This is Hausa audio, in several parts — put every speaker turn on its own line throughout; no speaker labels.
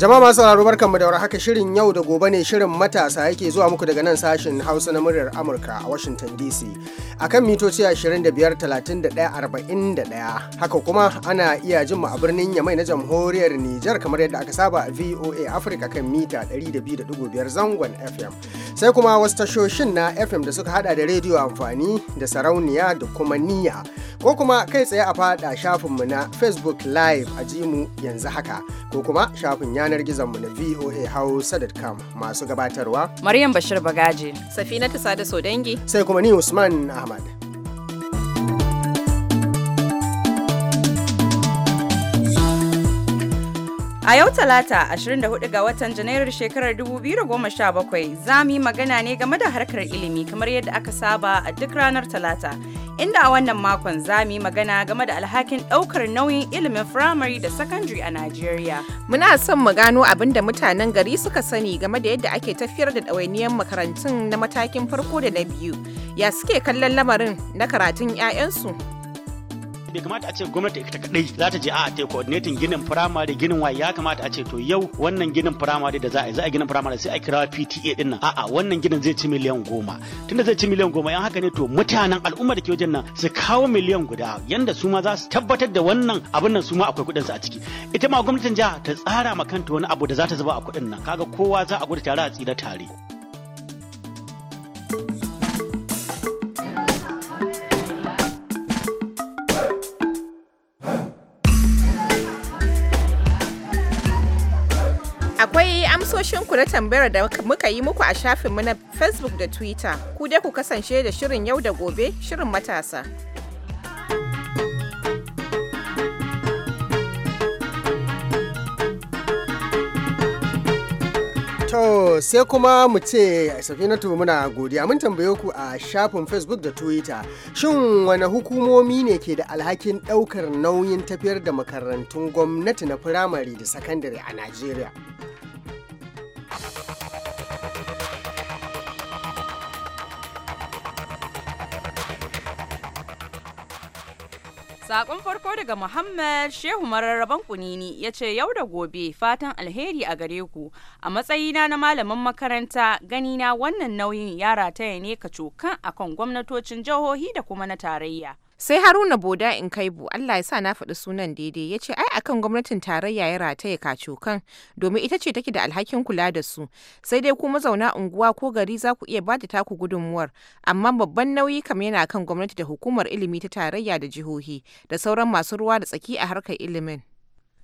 Jama'a masu sauraro barkanmu da haka shirin yau da gobe ne shirin matasa yake zuwa muku daga nan sashin Hausa na muryar Amurka a Washington DC. Akan mitoci 25 31 haka kuma ana iya jin mu a birnin Yamai na jamhuriyar Nijar kamar yadda aka saba a VOA Africa kan mita 102.5 zangon FM. Sai kuma wasu tashoshin na FM da suka hada da rediyo amfani da sarauniya da kuma niyya. ko kuma kai tsaye a fada shafinmu na facebook live a jimu yanzu haka ko kuma shafin yanar gizonmu na voa masu gabatarwa
maryam bashir bagaji safina tasa da
sodangi sai kuma ni usman ahmad A yau Talata
24 ga watan Janairar shekarar 2017 za mu yi magana ne game da harkar ilimi kamar yadda aka saba a duk ranar Talata inda a wannan makon za mu yi magana game da alhakin ɗaukar nauyin ilimin firamare da sakandare a Najeriya.
Muna son mu gano abin da mutanen gari suka sani game da yadda ake tafiyar da ɗawainiyar makarantun na matakin farko da na biyu. Ya suke kallon lamarin na karatun 'ya'yansu?
bai kamata a ce gwamnati ita kadai za ta je a ta coordinating ginin primary ginin waye ya kamata a ce to yau wannan ginin primary da za a yi za a ginin primary sai a kira PTA dinnan nan a'a wannan ginin zai ci miliyan goma tunda zai ci miliyan goma yan haka ne to mutanen al'umma da ke wajen nan su kawo miliyan guda yanda su ma za su tabbatar da wannan abin nan su ma akwai kudin su a ciki ita ma gwamnatin jiha ta tsara ma kanta wani abu da za ta zuba a kuɗin nan kaga kowa za a gudu tare a tsira tare
amsoshinku na tambayar da muka yi muku a shafinmu na Facebook da Twitter. Ku dai ku kasance da shirin yau da gobe, shirin matasa.
To sai kuma mu ce Safinatu muna godiya mun tambaye ku a shafin Facebook da Twitter. Shin wane hukumomi ne ke da alhakin ɗaukar nauyin tafiyar da makarantun gwamnati na firamare da sakandare a Najeriya?
Sakon farko daga Muhammad Shehu Mararraban Kunini ya ce yau da gobe fatan alheri a gare ku a matsayina na malamin makaranta ganina wannan nauyin yara rataya ne ka cokan akan gwamnatocin jihohi da kuma na tarayya.
sai haruna boda in kai bu allah ya sa na faɗi sunan daidai ya ce ai akan gwamnatin tarayya ya rataye kacokan domin ita ce take da alhakin kula da su sai dai ku mazauna unguwa ko gari za ku iya bada taku gudunmuwar amma babban nauyi kam yana kan gwamnati da hukumar ilimi ta tarayya da jihohi da sauran masu ruwa da tsaki a harkar ilimin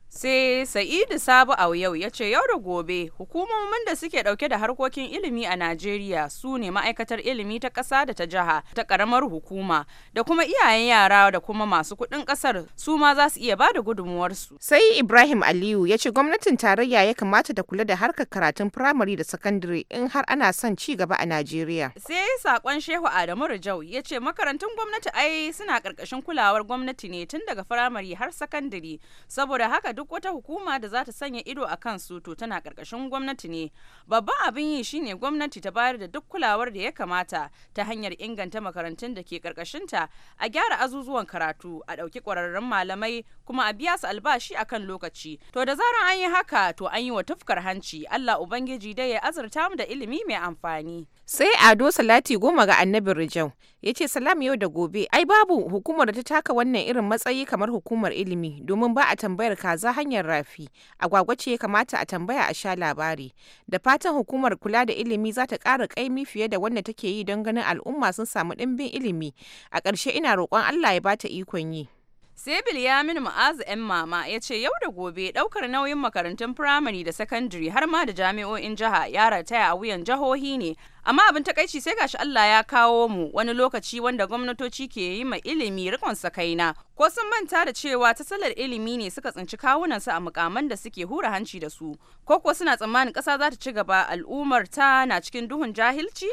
sai sa'idu sabu yau ya ce yau da gobe hukumomin da suke dauke da harkokin ilimi a najeriya su ne ma'aikatar ilimi ta ƙasa da ta jiha ta ƙaramar hukuma da kuma iyayen yara da kuma masu kuɗin ƙasar su ma za su iya ba da gudunmuwarsu
sai ibrahim aliyu ya ce gwamnatin tarayya ya kamata da kula da harkar karatun firamare da sakandare in har ana son ci gaba a najeriya
sai saƙon shehu adamu rijau ya ce makarantun gwamnati ai suna ƙarƙashin kulawar gwamnati ne tun daga firamare har sakandare saboda haka duk wata hukuma da za ta sanya ido a kan su to tana karkashin gwamnati ne babban abin yi shine gwamnati ta bayar da duk kulawar da ya kamata ta hanyar inganta makarantun da ke karkashinta a gyara azuzuwan karatu a ɗauki kwararrun malamai kuma a biya su albashi akan lokaci to da zarar an yi haka to an yi wa tufkar hanci Allah ubangiji dai ya azurta mu da ilimi mai amfani
sai ado salati goma ga annabi rijau ya ce salam yau da gobe ai babu hukumar da ta taka wannan irin matsayi kamar hukumar ilimi domin ba a tambayar kaza za hanyar rafi agwagwa ce ya kamata a tambaya a sha labari da fatan hukumar kula da ilimi za ta ƙara ƙaimi fiye da wanda take yi don ganin al'umma sun samu ɗimbin ilimi a karshe ina roƙon allah ya bata ikon yi
sebil ya min ma'azu 'yan mama ya ce yau da gobe daukar nauyin makarantun firamare da sakandare har ma da jami'o'in jiha ya rataya a wuyan jihohi ne amma abin takaici sai gashi Allah ya kawo mu wani lokaci wanda gwamnatoci ke yi ma ilimi rikon sakaina ko sun manta da cewa ta salar ilimi ne suka tsinci kawunan su a mukaman da suke hura hanci da su ko kuwa suna tsammanin ƙasa za ta ci gaba al'ummar ta na cikin duhun jahilci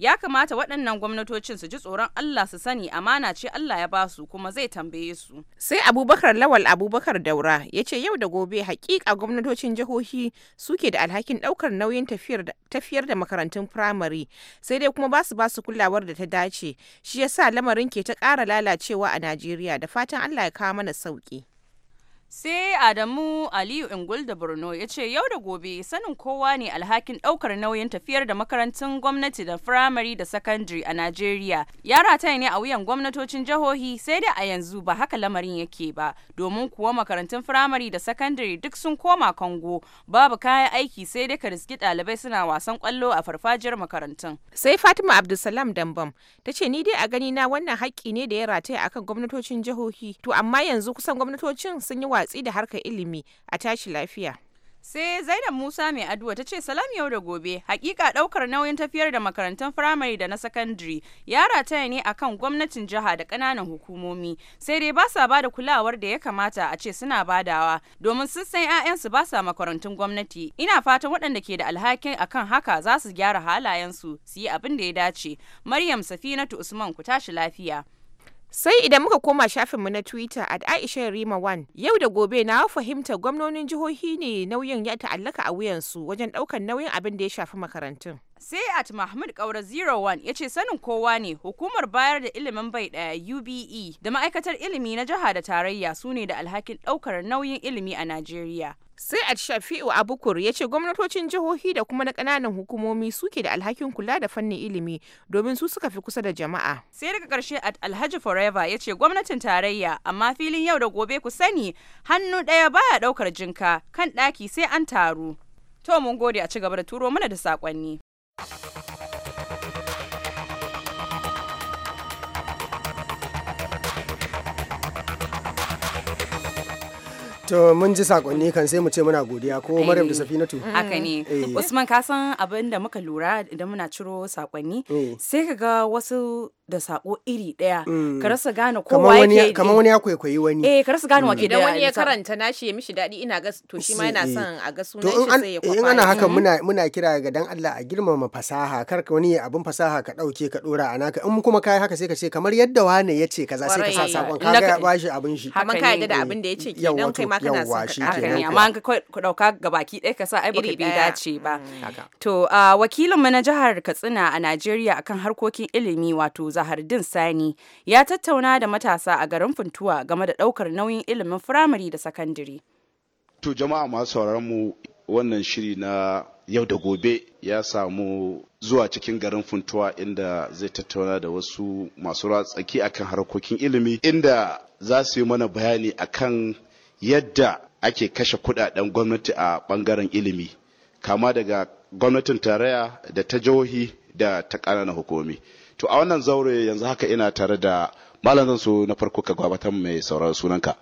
ya kamata waɗannan gwamnatocin su ji tsoron Allah su sani amana ce Allah ya ba su kuma zai tambaye su.
Sai Abubakar Lawal Abubakar Daura ya ce yau da gobe hakika gwamnatocin jihohi suke da alhakin ɗaukar nauyin tafiyar da makarantun firamare sai dai kuma ba basu basu kulawar da ta dace shi yasa lamarin ke ta ƙara lalacewa a Najeriya da fatan Allah ya kawo mana sauki.
sai adamu aliyu ingul da borno ya ce yau da gobe sanin kowa ne alhakin daukar nauyin tafiyar da makarantun gwamnati da firamare da sakandare a najeriya ya rataye ne a wuyan gwamnatocin jihohi sai dai a yanzu ba haka lamarin yake ba domin kuwa makarantun firamare da sakandare duk sun koma kango babu kayan
aiki sai dai ka riski
ɗalibai suna wasan kwallo a farfajiyar makarantun
sai fatima abdulsalam dambam ta ce ni dai a gani na wannan haƙƙi ne da ya rataya akan gwamnatocin jihohi to amma yanzu kusan gwamnatocin sun yi watsi da harkar ilimi a tashi lafiya.
sai zainab musa mai aduwa ta ce salam yau da gobe hakika daukar nauyin tafiyar da makarantun firamare da na sakandare ya rataya ne akan gwamnatin jiha da kananan hukumomi sai dai ba sa bada kulawar da ya kamata a ce suna badawa domin sun san su ba sa makarantun gwamnati ina fatan waɗanda ke da alhakin akan haka za su gyara halayensu su yi abin da ya dace
maryam safinatu usman ku tashi lafiya Sai idan muka koma shafinmu na Twitter at Aisha Rima 1 yau da gobe na fahimta gwamnonin jihohi ne nauyin ya ta'allaka a wuyansu wajen ɗaukar nauyin abin da ya shafi makarantun.
sai at mahmud kaura 01 ya ce sanin kowa ne hukumar bayar da ilimin bai daya ube da ma'aikatar ilimi na jiha da tarayya
su ne da alhakin ɗaukar nauyin ilimi a najeriya sai at shafi'u abukur ya ce gwamnatocin jihohi da kuma na kananan hukumomi suke da alhakin kula da fannin ilimi domin su suka fi kusa da jama'a
sai daga karshe at alhaji forever ya ce gwamnatin tarayya amma filin yau da gobe ku sani hannu ɗaya baya ɗaukar jinka kan ɗaki sai an taru to mun gode a ci gaba da turo mana da sakonni.
to mun ji sakonni kan sai mu ce muna godiya ko eh. maryam da safinatu mm. haka ne eh. usman
ka san abin muka lura idan muna ciro sakonni eh. sai ka ga wasu da sako iri daya ka mm. rasa gane kowa yake kamar wani ya
kwaikwayi wani
eh ka rasa gane wa mm. ke da wani ya karanta
nashi ya mishi dadi ina ga to shi ma yana eh. son a ga sunan shi sai ya kwafa in ana haka muna
muna kira ga dan Allah a girmama fasaha kar ka wani abun fasaha ka dauke ka dora a naka in kuma kai haka sai ka ce kamar yadda wane ya ce kaza sai ka sa sakon ka ga bashi abun shi kamar ka yadda da abin da ya ce kenan kai ma kana son ka amma
an ka dauka gabaki daya ka sa ai baka bai dace ba mm. to ah, wakilinmu na jihar Katsina a Najeriya akan harkokin ilimi wato Zahardin Sani ya tattauna da matasa a garin Funtuwa game da ɗaukar nauyin ilimin firamare da sakandare.
To jama'a masu sauraron mu wannan shiri na yau da gobe ya samu zuwa cikin garin funtuwa inda zai tattauna da wasu masu ratsaki akan harkokin ilimi inda za su yi mana bayani akan yadda ake kashe kudaden gwamnati a bangaren ilimi kama daga gwamnatin tarayya da ta jihohi da ta ƙananan hukumi to a wannan zaure yanzu haka ina tare da malam zan so na farko ka gabatar mai sauraron sunanka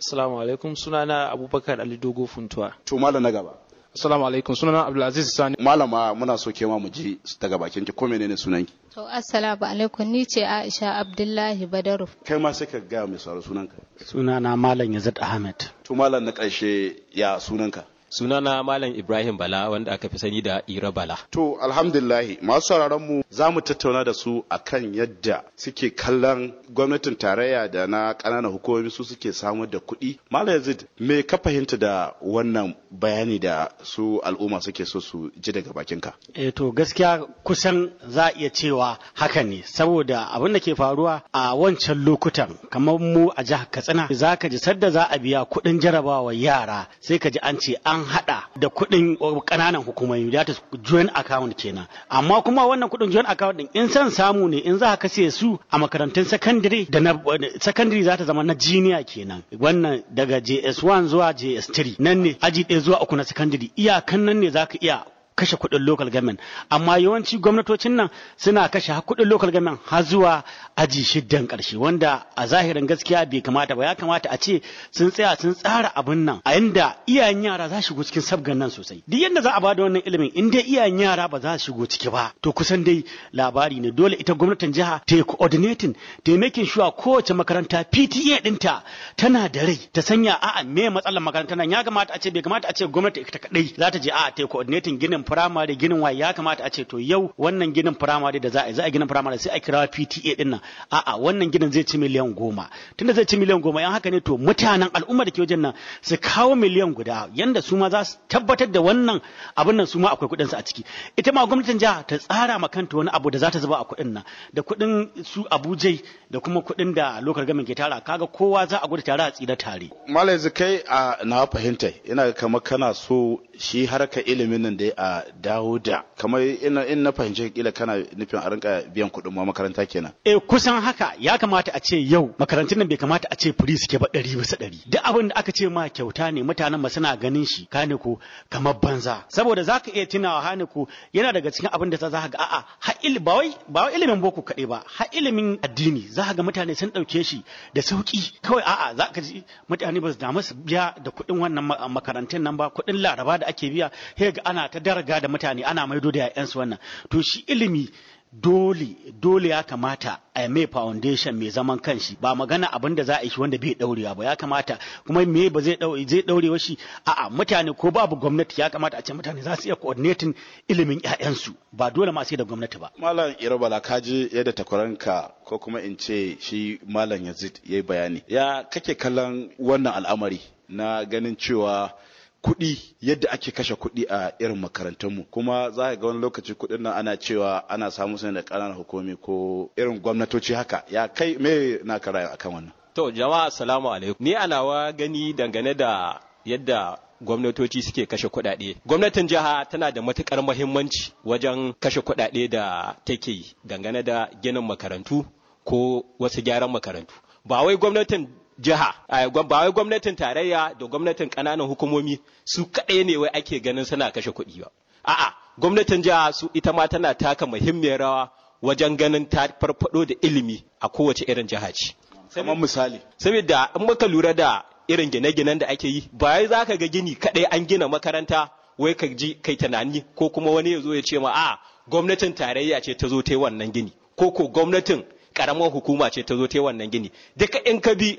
assalamu alaikum sunana abubakar ali dogo funtuwa
to malam na gaba assalamu alaikum sunana abdulaziz sani malama muna so ke mu ji daga bakin ki ko menene sunanki
to assalamu alaikum ni ce aisha abdullahi badaru
kai ma sai ka ga mai sauraron sunanka sunana malam yazid
ahmed to malam na karshe ya sunanka Sunana Malam Ibrahim Bala wanda aka fi sani da Ira Bala.
To alhamdulillahi masu sauraron mu za mu tattauna da su akan yadda suke kallon gwamnatin tarayya da na ƙananan hukumomi su suke samar da kuɗi. Malam Yazid me ka fahimta da wannan bayani da su al'umma suke so su ji daga bakinka?
E, to gaskiya kusan za a iya cewa haka ne saboda abin da ke faruwa a wancan lokutan kamar mu a jihar Katsina za ka ji sadda za a biya kuɗin jarabawa yara sai ka ji an ce an hada da kuɗin kananan hukumomi da ta joint account kenan amma kuma wannan kuɗin joint account din in san samu ne in za ka kashe su a makarantun secondary da na secondary za ta zama na junior kenan wannan daga JS1 zuwa JS3 nan ne aji ɗaya zuwa uku na secondary iyakan nan ne za ka iya kashe kuɗin local government amma yawanci gwamnatocin nan suna kashe kuɗin local government har zuwa aji shiddan karshe wanda a zahirin gaskiya bai kamata ba ya kamata a ce sun tsaya sun tsara abin nan a inda iyayen yara za su shigo cikin sabgan nan sosai duk yadda za a bada wannan ilimin in dai iyayen yara ba za su shigo ciki ba to kusan dai labari ne dole ita gwamnatin jiha ta yi coordinating ta yi making sure kowace makaranta PTA dinta tana da rai ta sanya a'a me matsalar makaranta nan ya kamata a ce bai kamata a ce gwamnati ita kadai za ta je a'a ta yi coordinating ginin firamare ginin waye ya kamata a ce to yau wannan ginin firamare da za a yi za a ginin firamare sai a kira PTA din nan a'a wannan ginin zai ci miliyan goma tunda zai ci miliyan goma yan haka ne to mutanen al'umma da ke wajen nan su kawo miliyan guda yanda su ma za su tabbatar da wannan abin nan su ma akwai kuɗin su a ciki ita ma gwamnatin jiha ta tsara ma kanta wani abu da za ta zuba a kuɗin nan da kuɗin su Abuja da kuma kuɗin da lokar gamin ke tara kaga kowa za a gudu tare a tsira tare
malai kai a na fahimta ina kamar kana so shi harkar ilimin nan da a a kamar da kamar in na fahimci kila kana nufin a rinka biyan kuɗin ma makaranta kenan
eh kusan haka ya kamata a ce yau makarantun nan bai kamata a ce free suke ba ɗari bisa ɗari duk abin da aka ce ma kyauta ne mutanen ma suna ganin shi kane ko kamar banza saboda za ka iya tunawa hane ko yana daga cikin abin da za ka ga a'a ilimi ba wai ba wai ilimin boko kaɗai ba ha ilimin addini za ka ga mutane sun ɗauke shi da sauƙi kawai a'a za ka ji mutane ba su damu su biya da kuɗin wannan makarantun nan ba kuɗin laraba da ake biya hega ana ta daraja Ga da mutane ana maido da 'ya'yansu wannan to shi ilimi dole dole ya kamata a mai foundation mai zaman kanshi ba magana abin da za a yi shi wanda bai daurewa ba ya kamata kuma me ba zai daure zai shi a'a mutane ko babu gwamnati ya kamata a ce mutane za su iya coordinating ilimin 'ya'yansu, ba dole ma sai da gwamnati ba
malam irabala kaji yadda takwaranka ko kuma in ce shi malam yazid yayi bayani ya kake kallon wannan al'amari na ganin cewa kuɗi yadda ake kashe kuɗi a irin makarantunmu kuma za ka ga wani lokaci kuɗin nan ana cewa ana samu su da ƙananan hukumi ko irin gwamnatoci haka ya kai me na a kan wannan
to jama'a assalamu alaikum ni alawa gani dangane da yadda gwamnatoci suke kashe kuɗaɗe. Gwamnatin jiha tana da matukar mahimmanci wajen kashe kuɗaɗe da take yi dangane da ginin makarantu ko wasu gyaran makarantu. Ba wai gwamnatin jiha ba wai gwamnatin tarayya da gwamnatin kananan hukumomi su kaɗai ne wai ake ganin suna kashe kuɗi ba a'a gwamnatin jiha su ita ma tana taka muhimmiyar rawa wajen ganin ta farfado da ilimi a kowace irin jiha ce kamar misali saboda in muka lura da irin gine-ginen da ake yi ba wai zaka ga gini kaɗai an gina makaranta wai ka ji kai tunani ko kuma wani ya zo ya ce ma a gwamnatin tarayya ce ta zo ta yi wannan gini ko ko gwamnatin karamar hukuma ce ta zo ta yi wannan gini duka in ka bi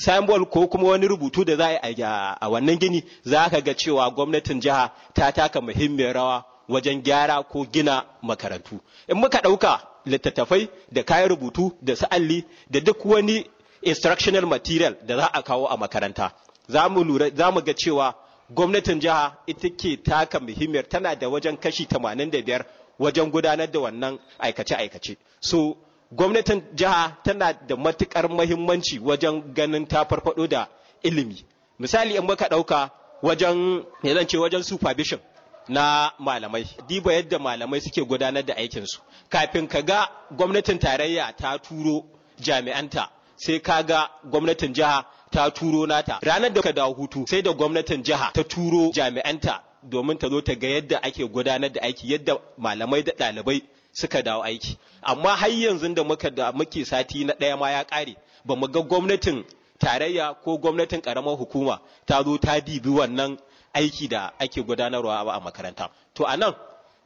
samuel ko kuma wani rubutu da za a yi a wannan gini za ka ga cewa gwamnatin jiha ta taka muhimmiyar rawa wajen gyara ko gina makarantu in muka ɗauka littattafai da kayan rubutu da sa'alli da duk wani instructional material da za a kawo a makaranta za mu ga cewa gwamnatin jiha ita ke taka muhimmiyar tana da wajen kashi 85 wajen gudanar da wannan aikace-aikace so gwamnatin jiha tana da matukar mahimmanci wajen ganin ta farfado da ilimi misali in muka dauka wajen ya zance wajen supervision na malamai diba yadda malamai suke gudanar da aikinsu kafin ka ga gwamnatin tarayya ta turo jami'anta sai ka ga gwamnatin jiha ta turo nata ranar da ka dawo hutu sai da gwamnatin jiha ta turo jami'anta domin ta zo ta ga yadda ake gudanar da aiki yadda malamai da ɗalibai suka dawo aiki amma har yanzu da muka da muke sati na ɗaya ma ya ƙare ba mu ga gwamnatin tarayya ko gwamnatin ƙaramar hukuma ta zo ta dibi wannan aiki da ake gudanarwa ba a makaranta to a nan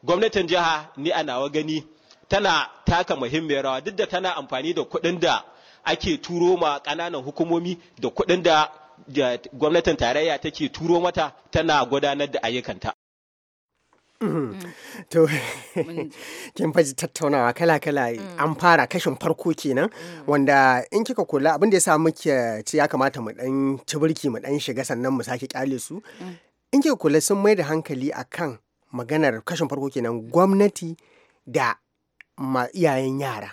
gwamnatin jiha ni a nawa gani tana taka muhimmiyar rawa duk da tana amfani da kuɗin da ake turo ma ƙananan hukumomi da kuɗin da gwamnatin tarayya take turo mata tana gudanar da ayyukanta
Mm. to kin faji tattaunawa kala-kala mm. an fara kashin farko kenan mm. wanda in kika kula abin da ya sa muke ci ya kamata mu dan birki mu dan shiga sannan mu sake kyale su in kika kula sun mai da hankali akan maganar kashin farko kenan gwamnati da ma iyayen yara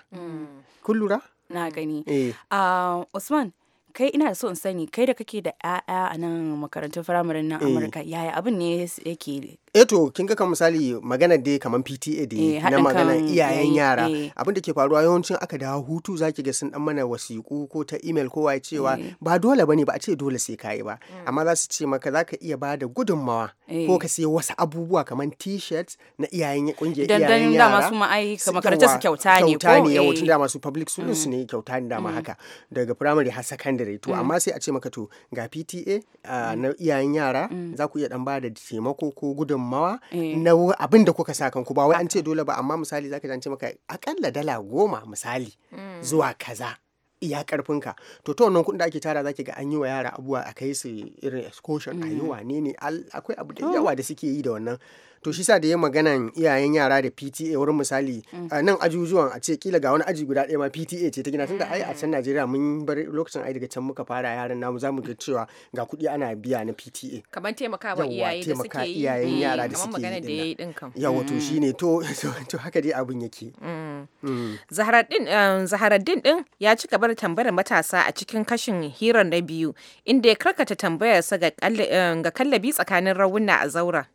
kun lura na gani eh. ah, usman kai ina so in sani kai da kake da 'ya'ya a nan makarantun firamare na eh. amurka yaya abin ne yake
eto eh to kin ga eh, kan misali magana dai kaman PTA dai na magana iyayen eh, yara abin da ke faruwa yawancin aka dawo hutu zaki ga sun dan mana wasiku ko ta email ko waye cewa ba dole bane ba a ce dole sai kai ba mm. amma za su ce maka zaka iya bada gudunmawa ko ka sai wasu abubuwa kaman t Shirt na iyayen kungiyar iyayen yara dan dama su ma ai su kyauta ne ko kyauta ne yawancin dama su public schools mm. ne kyauta ne dama mm. haka daga primary har secondary to amma sai a ce maka to ga PTA ah, na iyayen yara za ku iya dan ba da taimako ko gudunmawa gudunmawa eh. na abin da kuka sa kanku ba wai an ce dole ba amma misali zaka zance maka akalla dala goma misali hmm. zuwa kaza iya karfinka to ta wannan kuɗin da ake tara zaki ga an yi wa yara abuwa a kai su irin excursion a yi hmm. ne akwai abu da oh. yawa da suke yi da wannan to shi sa da ya maganan iyayen yara da PTA wurin misali mm. nan ajujuwan a ce kila ga wani aji guda ɗaya ma PTA ce ta gina tunda ai a can Najeriya mun bar lokacin ai daga can muka fara yaran namu zamu ga cewa ga kuɗi ana biya na PTA
kamar taimakawa iyaye da suke yi iyayen mm, yara da suke yi yawa to mm. shine
to to haka dai abun yake
eh, Zaharaddin din ya ci gaba da tambayar matasa a cikin kashin hirar na biyu inda ya karkata tambayarsa ga eh, kallabi tsakanin rawuna a zaura.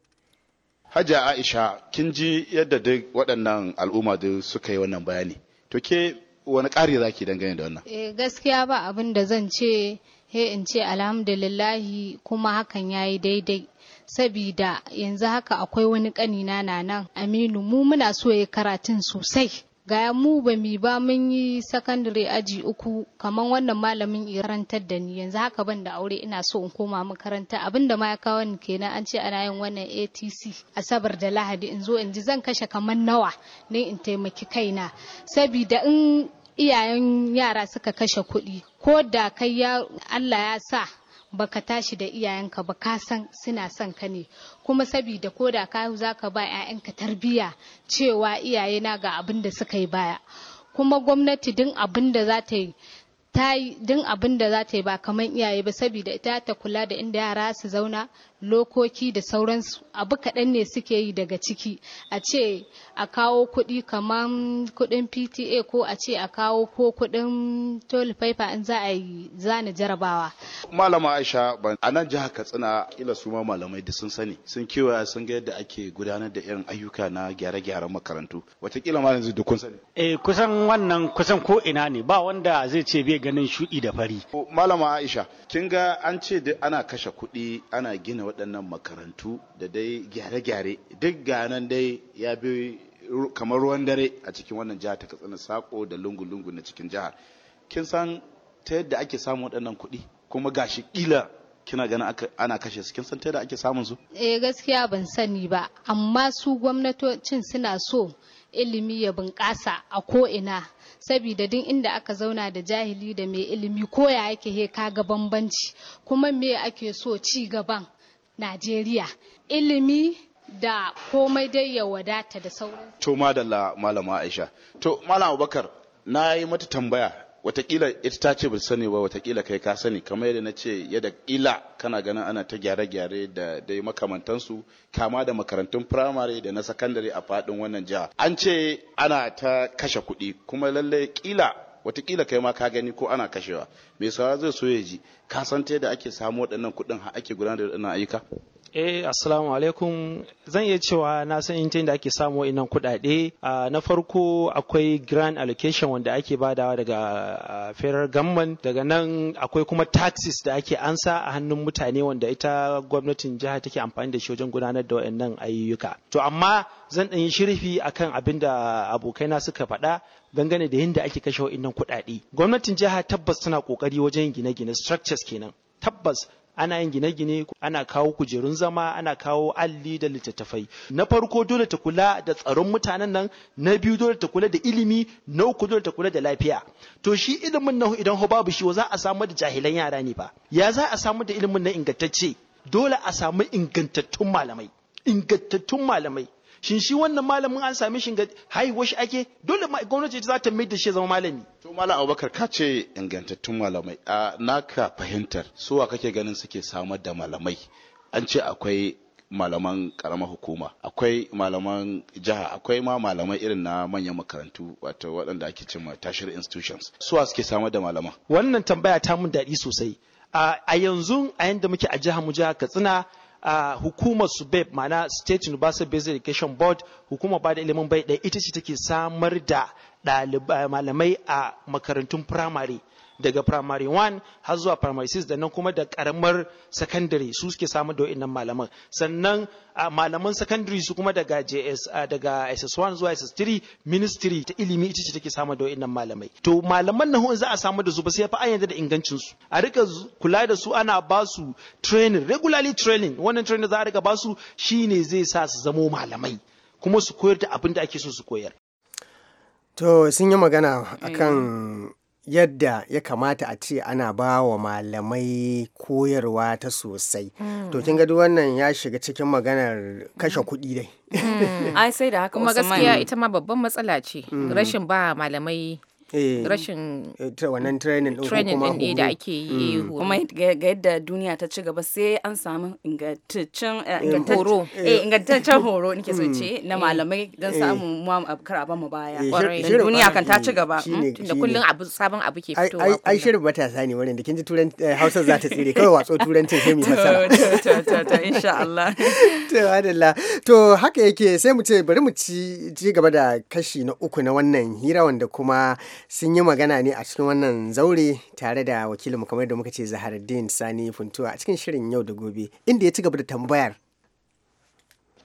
Hajiya Aisha kin ji yadda duk waɗannan al'umma da suka yi wannan bayani. To ke wani ƙari za ki dangane da wannan?
Eh gaskiya ba abin da zan ce he in ce alhamdulillahi kuma hakan ya yi daidai. Sabida yanzu haka akwai wani ƙanina na nan Aminu mu muna so ya karatun sosai. ga mu ba mi ba mun yi sakandare aji uku kamar wannan malamin karantar da ni yanzu haka ban da aure ina so in koma makaranta abinda ma ya kawo ni kenan an ce ana yin wannan atc asabar da lahadi in zo in ji zan kashe kamar nawa ne in taimaki kaina sabida in iyayen yara suka kashe kuɗi ko da kai ya allah ya sa baka tashi da iyayenka ba ka san suna son ka ne kuma sabida ko da ka za ka ba 'ya'yanka tarbiyya cewa iyaye na ga abin da suka yi baya kuma gwamnati din abin da za ta yi ta yi din abin da za ta yi ba kamar iyaye ba sabida ita ta kula da inda yara su zauna lokoki da sauransu abu kaɗan ne suke yi daga ciki a ce a kawo kuɗi kamar kuɗin pta ko a ce a kawo ko kuɗin tolifaifa in za a yi zana jarabawa
malama aisha a nan jihar katsina ila su ma malamai da sun sani sun kewaya sun ga yadda ake gudanar da irin ayyuka na gyare-gyaren makarantu watakila ma yanzu da kun sani
eh kusan wannan
kusan ko ina ne ba wanda zai ce bai ganin shuɗi da fari malama aisha kin ga an ce ana kashe kuɗi ana gina waɗannan makarantu da dai gyare-gyare duk ganan dai ya bi kamar ruwan dare a cikin wannan jihar ta katsina sako da lungu-lungu na cikin jihar kin san ta yadda ake samun waɗannan kuɗi kuma gashi ƙila kina ganin ana kashe su kin san ta yadda ake samun su
eh gaskiya ban sani ba amma su gwamnatocin suna so ilimi ya bunƙasa a ko ina sabida duk inda aka zauna da jahili da mai ilimi koya yake he kaga bambanci kuma me ake so ci gaban Najeriya. Ilimi da komai dai ya wadata da sauran.
To madalla malama Aisha. To malam Abubakar na yi mata tambaya watakila ita ta ce ba sani ba watakila kai ka sani kamar yadda na ce yadda ƙila kana ganin ana ta gyare-gyare da dai makamantansu kama da makarantun firamare da na sakandare a faɗin wannan jiha an ce ana ta kashe kuɗi kuma lallai kila watakila kai ma ka gani ko ana kashewa mai sauraro zai so ya ji ka san ta yadda ake samu waɗannan kuɗin ake gudanar da waɗannan ayyuka
Eh, assalamu alaikum. Zan iya cewa na san intin da ake samu wa'innan kuɗaɗe. Uh, na farko akwai grand allocation wanda ake badawa daga uh, federal government. Daga nan akwai kuma taxes da ake ansa a hannun mutane wanda ita gwamnatin jiha take amfani da shi wajen gudanar da wayannan ayyuka. To amma zan ɗan yi shirfi akan abin da abokaina suka faɗa dangane da yadda ake kashe wa'innan kuɗaɗe. Gwamnatin jihar tabbas tana kokari wajen gine-gine structures kenan. tabbas ana yin gine-gine ana kawo kujerun zama ana kawo alli da littattafai na farko dole ta kula da tsaron mutanen nan na biyu dole ta kula da ilimi na uku dole ta kula da lafiya to shi ilimin nan idan ho babu shi za a samu da jahilan yara ne ba ya za a samu da ilimin nan ingantacce dole a samu ingantattun malamai ingantattun malamai shin shi wannan malamin an same shi haihuwa shi ake dole gwamnati za ta mai da shi zama
malami malam abubakar ka ce ingantattun malamai a naka fahimtar suwa kake ganin suke samar da malamai an ce akwai malaman karamar hukuma akwai malaman jiha akwai ma malamai irin na manyan makarantu wato waɗanda ake cin tashir institutions suwa suke samar da malaman
wannan tambaya ta mun daɗi sosai a yanzu a yanda muke a jiha mu jiha katsina a su hukumar subeb ma'ana state university based education board hukumar bada ilimin bai ɗaya ita ce take samar da malamai a makarantun firamare daga firamare 1 har zuwa firamare 6 da nan kuma da karamar secondary su suke samu da wa'in malaman sannan malaman secondary su kuma daga JS daga SS1 zuwa SS3 ministry ta ilimi ita ce take samu da wa'in malamai to malaman nan za a samu da su ba sai fa an da ingancin su a rika kula da su ana ba su training regularly training wannan training za a rika ba su shine zai sa su zamo malamai kuma su koyar da abin da ake so su koyar
To sun yi magana akan eh. yadda ya kamata a ce ana ba wa malamai koyarwa ta sosai. Hmm. To kin duk wannan ya shiga cikin maganar kashe hmm. kuɗi dai.
Hmm. Ai sai da haka kuma gaskiya ita ma babban matsala ce rashin ba malamai
Eh, rashin eh, wannan training din kuma ne da ake yi mm. kuma
ga yadda
duniya ta ci gaba sai an samu ingantaccen eh, horo ingantaccen horo nake so mm. ce na malamai don samun mu a karaba mu baya duniya kan ta ci gaba mm, da
kullun
abu sabon abu ke fitowa ai
shirin ta sani wurin da kin ji turanci Hausa za ta tsire kawai watso turancin sai mu fasara
to to to insha Allah
to adalla to haka yake sai mu ce bari mu ci gaba da kashi na uku na wannan hira wanda kuma sun yi magana ne a cikin wannan zaure tare da wakilinmu kamar da muka ce Zaharaddin Sani Funtuwa a cikin shirin yau da gobe inda ya ci gaba da tambayar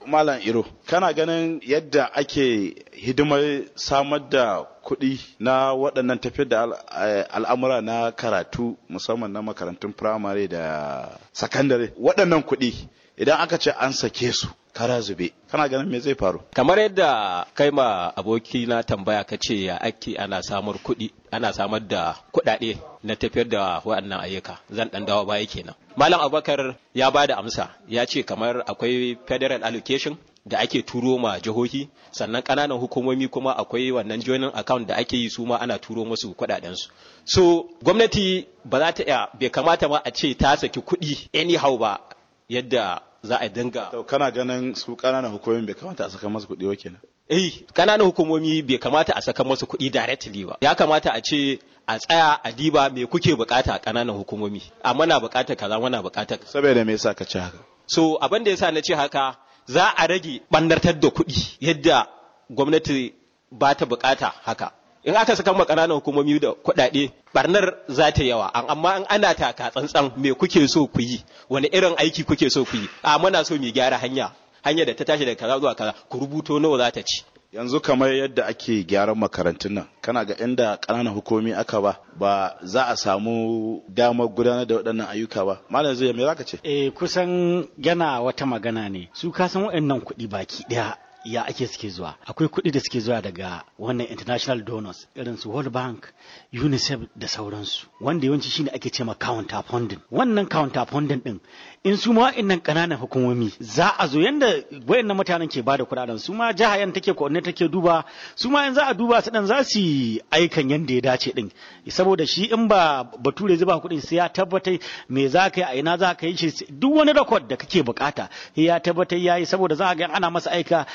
Malam Iro, kana ganin yadda ake hidimar samar da kuɗi na waɗannan tafiyar da eh, al'amura na karatu musamman na makarantun firamare da
sakandare waɗannan kuɗi idan aka ce an sake su kara zube kana ganin me zai faru kamar yadda kai ma aboki na tambaya ka ce ya ake ana samar kuɗi ana samar da kuɗaɗe na tafiyar da waɗannan ayyuka zan ɗan dawo baya kenan malam abubakar ya ba da amsa ya ce kamar akwai federal allocation da ake turo ma jihohi sannan ƙananan hukumomi kuma akwai wannan joinin account da ake yi su ma ana turo musu kuɗaɗensu so gwamnati ba za ta iya bai kamata ma a ce ta saki kuɗi anyhow ba yadda za a danga kana ganin su kananan hukumomi bai kamata a saka masu kuɗi wa kenan eh kananan hukumomi bai kamata a saka masu kuɗi directly ba ya kamata a ce a tsaya a diba me kuke bukata a kananan hukumomi a mana bukatar kaza mana bukatar
saboda me yasa ka ce haka
so abin da yasa na ce haka za a rage bandartar da kuɗi yadda gwamnati ba ta bukata haka in aka saka ma ƙananan hukumomi da kuɗaɗe ɓarnar za ta yawa amma in ana taka tsantsan me kuke so ku yi wani irin aiki kuke so ku yi a muna so mu gyara hanya hanya da ta tashi daga kaza zuwa kaza ku rubuto nawa za ta ci yanzu kamar yadda ake gyaran makarantun nan kana ga inda
ƙananan hukumi aka ba ba za a samu damar gudanar da waɗannan ayyuka ba
malam zai me za ka ce eh kusan gana wata magana ne su ka san waɗannan kuɗi baki ɗaya ya ake suke zuwa akwai kuɗi da suke zuwa daga wannan international donors irin su world bank unicef da sauransu wanda yawanci shine ake ce ma counter funding wannan counter funding din in su ma ƙananan hukumomi za a zo yanda wayannan mutanen ke bada kuɗaɗen su ma jiha take ko take duba su ma in za a duba su dan za su yi aikan yanda ya dace din saboda shi in ba bature zuba kuɗin sai ya tabbatar me za ka yi a ina za ka yi shi duk wani record da kake bukata ya tabbatar ya yi saboda za a ga ana masa aika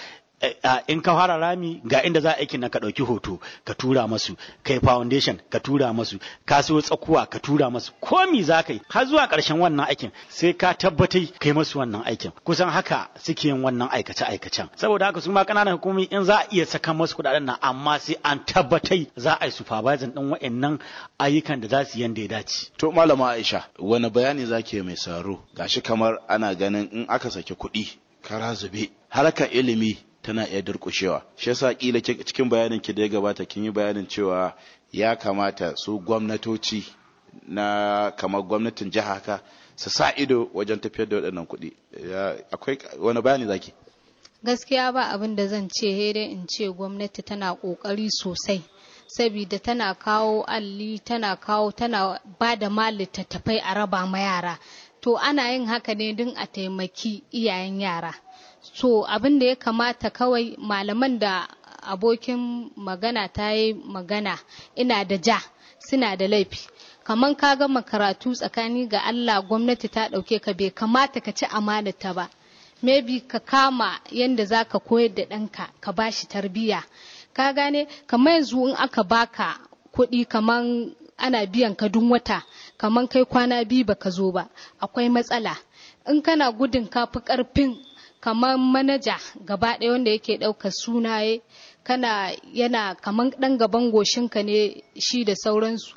Eh, ah, in ka fara rami ga inda za a aikin nan ka ɗauki hoto ka tura masu kai foundation ka tura masu ka siyo tsakuwa ka tura masu komi za ka yi har zuwa ƙarshen wannan aikin sai ka tabbatai kai masu wannan aikin kusan haka suke yin wannan aikace aikacen saboda haka su ma ƙananan hukumomi in za a iya saka masu kuɗaɗen nan amma sai an tabbatai za a yi supervising
ɗin wa'annan ayyukan da za su yanda ya dace. to malama aisha wani bayani za ke mai saro gashi kamar ana ganin in aka saki kuɗi kara zube harkar ilimi tana iya durƙushewa shi yasa kila cikin bayanin ki da ya gabata kin yi bayanin cewa ya kamata su gwamnatoci na kamar gwamnatin jiha haka su sa ido wajen tafiyar da waɗannan kuɗi akwai wani bayani zaki
gaskiya ba abin da zan ce dai in ce gwamnati tana ƙoƙari sosai saboda tana kawo alli tana kawo tana ba da ma littattafai a raba ma yara to ana yin haka ne don a taimaki iyayen yara so abin da ya kamata kawai malaman da abokin magana ta yi magana ina da ja suna da laifi kamar ka gama karatu tsakani ga Allah gwamnati ta ɗauke ka bai kamata ka ci amanata ba maybe ka kama yadda za ka koyar da ɗanka ka ba shi tarbiyya ka gane kamar yanzu in aka baka kuɗi kamar ana biyan ka duk wata kamar kai kwana biyu ba ka zo ba akwai matsala in kana gudun kafi ƙarfin kamar manaja gaba ɗaya wanda yake ɗaukar sunaye kana yana kamar ɗan gaban goshinka ne shi da sauransu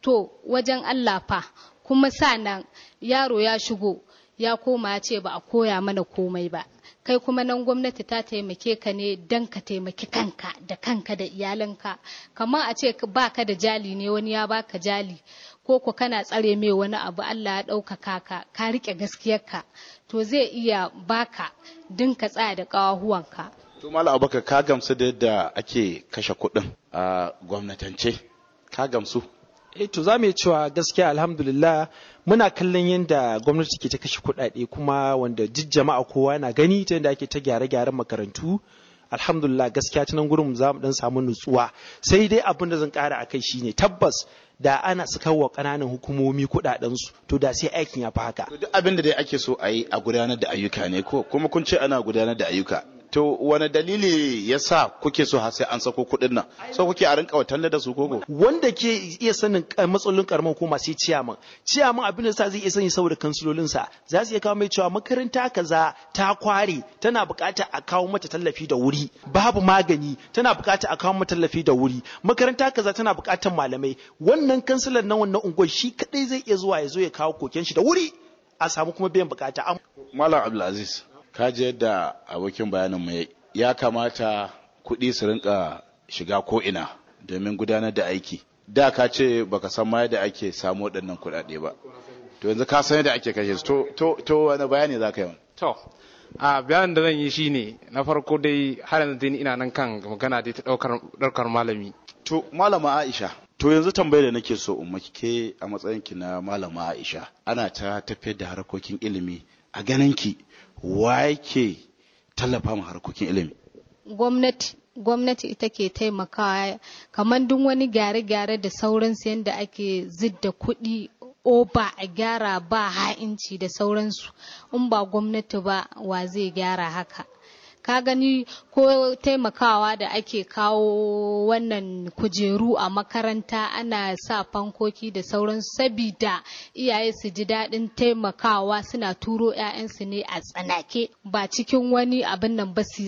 to wajen Allah fa kuma nan yaro ya shigo ya koma ya ce ba a koya mana komai ba kai kuma nan gwamnati ta taimake ka ne don ka taimaki kanka da kanka da iyalinka kamar a ce ba ka da jali ne wani ya baka jali ko ko kana tsare mai wani abu Allah ya ɗaukaka ka ka riƙe gaskiyarka to zai iya baka dinka tsaya da ƙawahuwanka.
To Malam Abaka ka gamsu da yadda ake kashe kuɗin a gwamnatance ka gamsu.
Eh to za mu iya cewa gaskiya alhamdulillah muna kallon yadda gwamnati ke ta kashe kuɗaɗe kuma wanda duk jama'a kowa na gani ta yadda ake ta gyare-gyaren makarantu alhamdulillah gaskiya ta nan gurin za mu dan samu nutsuwa sai dai abin da zan kara akai shine tabbas da ana sakawa ƙananan hukumomi kudaden su to da sai aikin ya fi haka
duk abin da dai ake so a yi a gudanar da ayyuka ne ko kuma kun ce ana gudanar da ayyuka to wani dalili ya sa kuke so sai an sako kuɗin nan so kuke a rinka watan da su koko
wanda ke iya sanin matsalolin karamar hukuma sai ciyaman ciyaman abin da sa zai iya sani saboda kansulolin sa za su iya kawo mai cewa makaranta kaza ta kware tana bukata a kawo mata tallafi da wuri babu magani tana bukata a kawo mata tallafi da wuri makaranta kaza tana bukatar malamai wannan kansilan na wannan unguwar shi kadai zai iya zuwa ya zo ya kawo koken shi da wuri a samu kuma biyan bukata
malam abdulaziz ka je yadda abokin bayanin mu ya kamata kuɗi su rinka shiga ko ina domin gudanar da aiki da ka ce baka san ma yadda ake samu waɗannan kuɗaɗe ba to yanzu ka san yadda ake kashe su to wani bayani za ka yi to a bayanin da zan yi shi ne na farko dai har yanzu dai ina nan kan magana dai ta ɗaukar malami to malama Aisha to yanzu tambayar da nake so in maki ke a matsayin ki na malama Aisha ana ta tafiyar da harkokin ilimi a ganin ki wake tallafa ma harkokin ilimi
gwamnati gwamnati ita ke taimakawa kamar duk wani gyare-gyare da sauransu yadda ake zidda kuɗi oba a gyara ba ha'inci da sauransu in ba gwamnati ba wa zai gyara haka ka gani ko taimakawa da ake kawo wannan kujeru a makaranta ana sa fankoki da sauran sabida iyaye su ji daɗin taimakawa suna turo 'ya'yansu ne a tsanake ba cikin wani abin nan ba su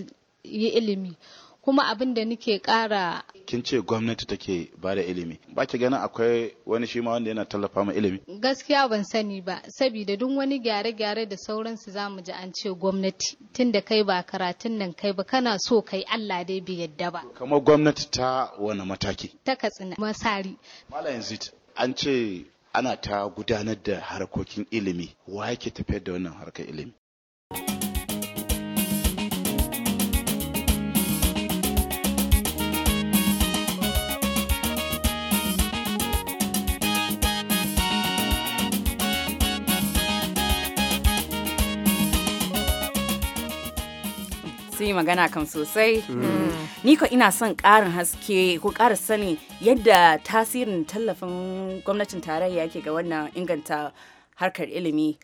yi ilimi kuma abin da nake kara
kin ce gwamnati take ba da ilimi ba ki ganin akwai wani shi wanda yana tallafa ma ilimi
gaskiya ban sani ba saboda duk wani gyare-gyare da sauransu za mu ji an ce gwamnati tunda kai ba karatun nan kai ba kana so kai Allah dai bi yadda ba
kamar gwamnati ta wani mataki
ta katsina masari
malam zit an ce ana ta gudanar da harkokin ilimi wa yake tafiyar da wannan harkar ilimi
yi magana kan sosai. Mm. Ni ko ina son ƙarin haske ko ƙara sani yadda
tasirin tallafin gwamnatin tarayya ke ga wannan inganta harkar ilimi.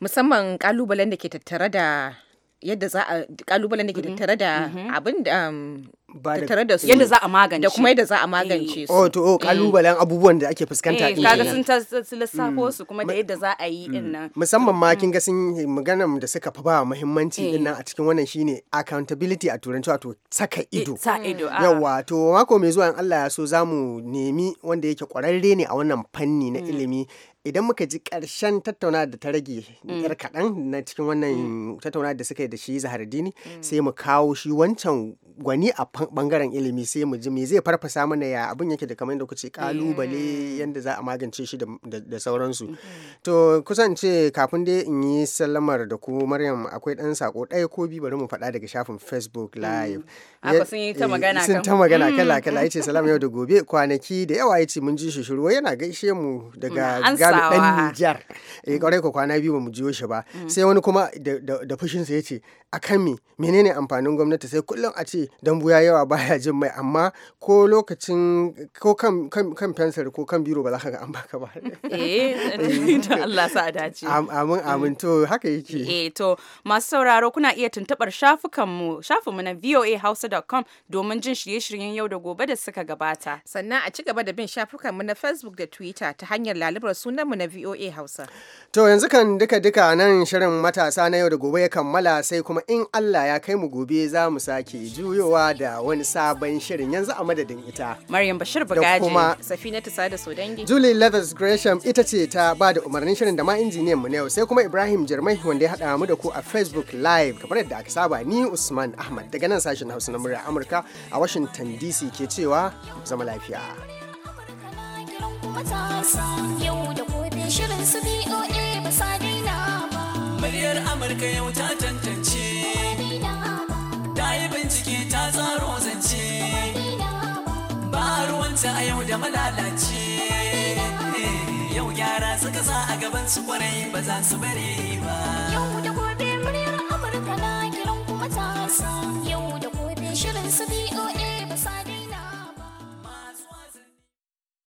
Musamman kalubalen da ke tattare da yadda za a ƙalubalen da ke mm-hmm. tattare da mm-hmm. abin da um, tattare da su yadda za a magance da kuma yadda za a magance eh. su oh to
oh eh. kalubalen abubuwan da ake fuskanta din eh,
kaga sun lissafo mm. su kuma da yadda za a yi mm. din nan
musamman ma mm. kin ga sun maganar da suka fi ba muhimmanci din nan a cikin wannan shine accountability a turanci wato saka ido sa ido ah. yawa to mako mai zuwa in Allah ya so zamu nemi wanda yake kwararre ne a wannan fanni na ilimi idan muka ji ƙarshen tattauna da ta rage yar kaɗan na cikin wannan tattauna da suka yi da shi zahar dini sai mu kawo shi wancan gwani a bangaren ilimi sai mu ji me zai farfasa mana ya abin yake da kamar yadda kuce kalubale eh. yadda za a magance shi da sauransu mm-hmm. to kusance kafin dai in yi sallamar da ku maryam akwai dan sako ɗaya ko bi bari mu faɗa daga shafin facebook mm. live sun yi ta eh, magana sun ta magana mm. kala kala yace salam yau da gobe kwanaki da yawa ce mun ji shi shiru yana gaishe mu daga gami dan Nijar eh kwarai mm. ko kwana biyu mu jiyo shi ba sai wani kuma da fushin sa a kan me menene amfanin gwamnati sai kullum a ce eh dambu ya yawa baya jin mai amma ko lokacin ko kan kan fensir ko kan biro ba za ka ga an baka ba eh da Allah sa dace amin mm. amin to haka yake
eh to masu sauraro kuna iya tuntubar shafukan mu shafin mu na
voahausa.com domin jin shirye-shiryen yau da gobe da suka gabata sannan a ci gaba da bin shafukan mu na Facebook da Twitter ta hanyar lalubar sunan mu na VOA Hausa
to yanzu kan duka-duka nan shirin matasa na yau da gobe ya kammala sai kuma in Allah ya kai mu gobe za mu sake juyo juyowa da wani sabon shirin yanzu a madadin ita. Maryam Bashir
Bugaji, kuma Safina Sada dangi. Julie
Leathers Gresham ita ce ta ba da umarnin shirin da ma injiniyan mu na yau sai kuma Ibrahim Jirmai wanda ya haɗa mu da ku a Facebook Live kamar yadda aka saba ni Usman Ahmad daga nan sashen Hausa na murya Amurka a Washington DC ke cewa zama lafiya.
shirin su ba sa ba.
Muryar Amurka yau ta tantance. ta yi bincike ta tsaro zance ba ruwanta a yau da malalace yau gyara suka sa a gaban su kwarai ba za su bare
ba yau da gobe muryar amurka na kiran kuma ta yau da gobe shirin su boa